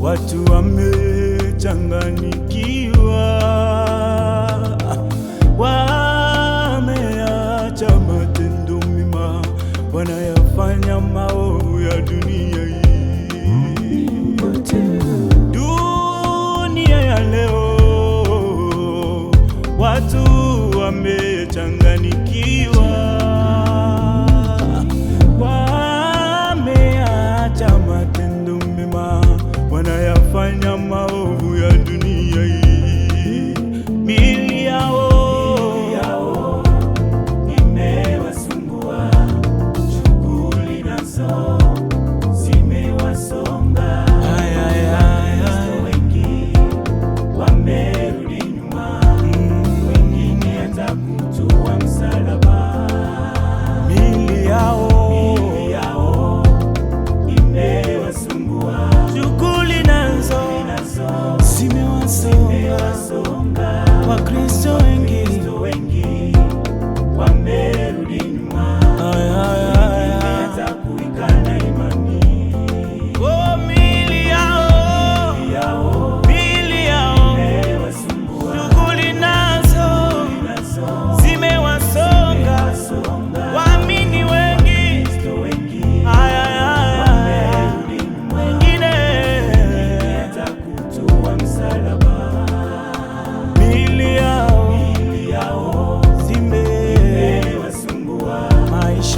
watu wamechanganyikiwa, wameacha matendo mema wanayafanya maovu ya dunia hii. Dunia ya leo watu wamechanganyikiwa Señor.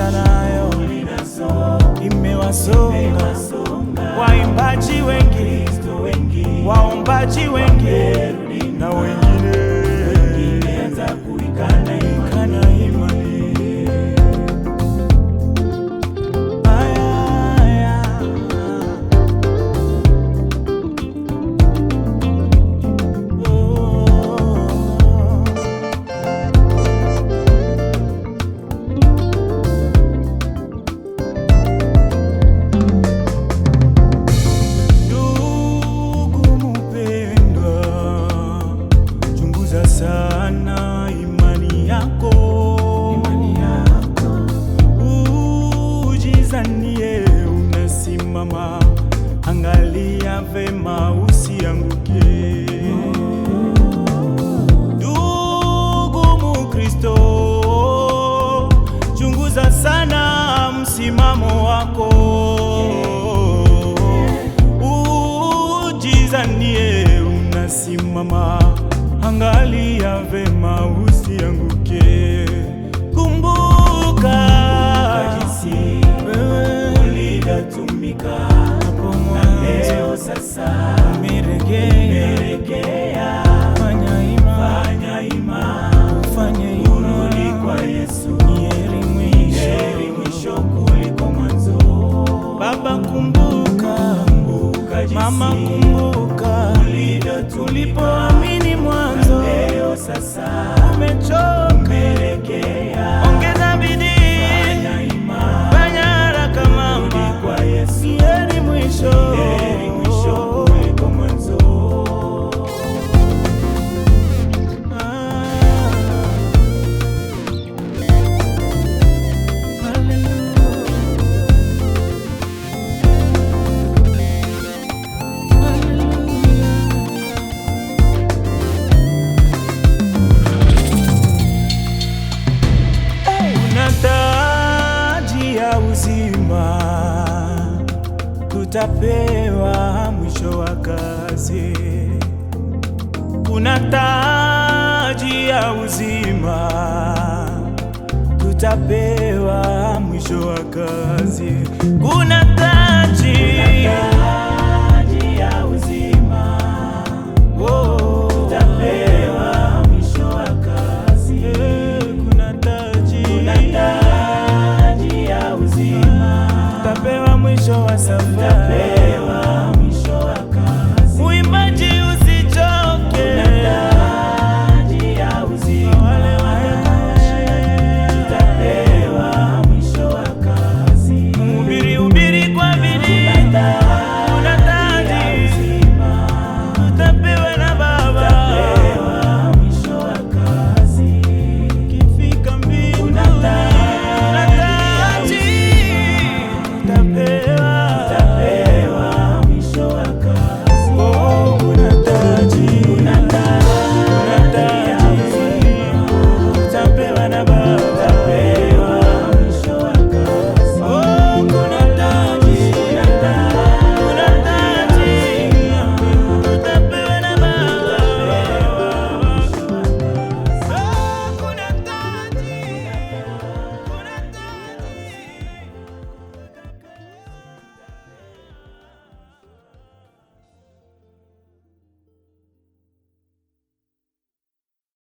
maisha nayo imewasonga waimbaji wengi, waombaji wengi na wengi msimamo wako ujizanie, unasimama angalia vema usianguke. Kumbuka jinsi ulivyotumika na leo sasa Mama, kumbuka tulipoamini mwanzo, leo sasa umechoka utapewa mwisho wa kazi. Kuna taji ya uzima tutapewa mwisho wa kazi. Kuna taji Itapema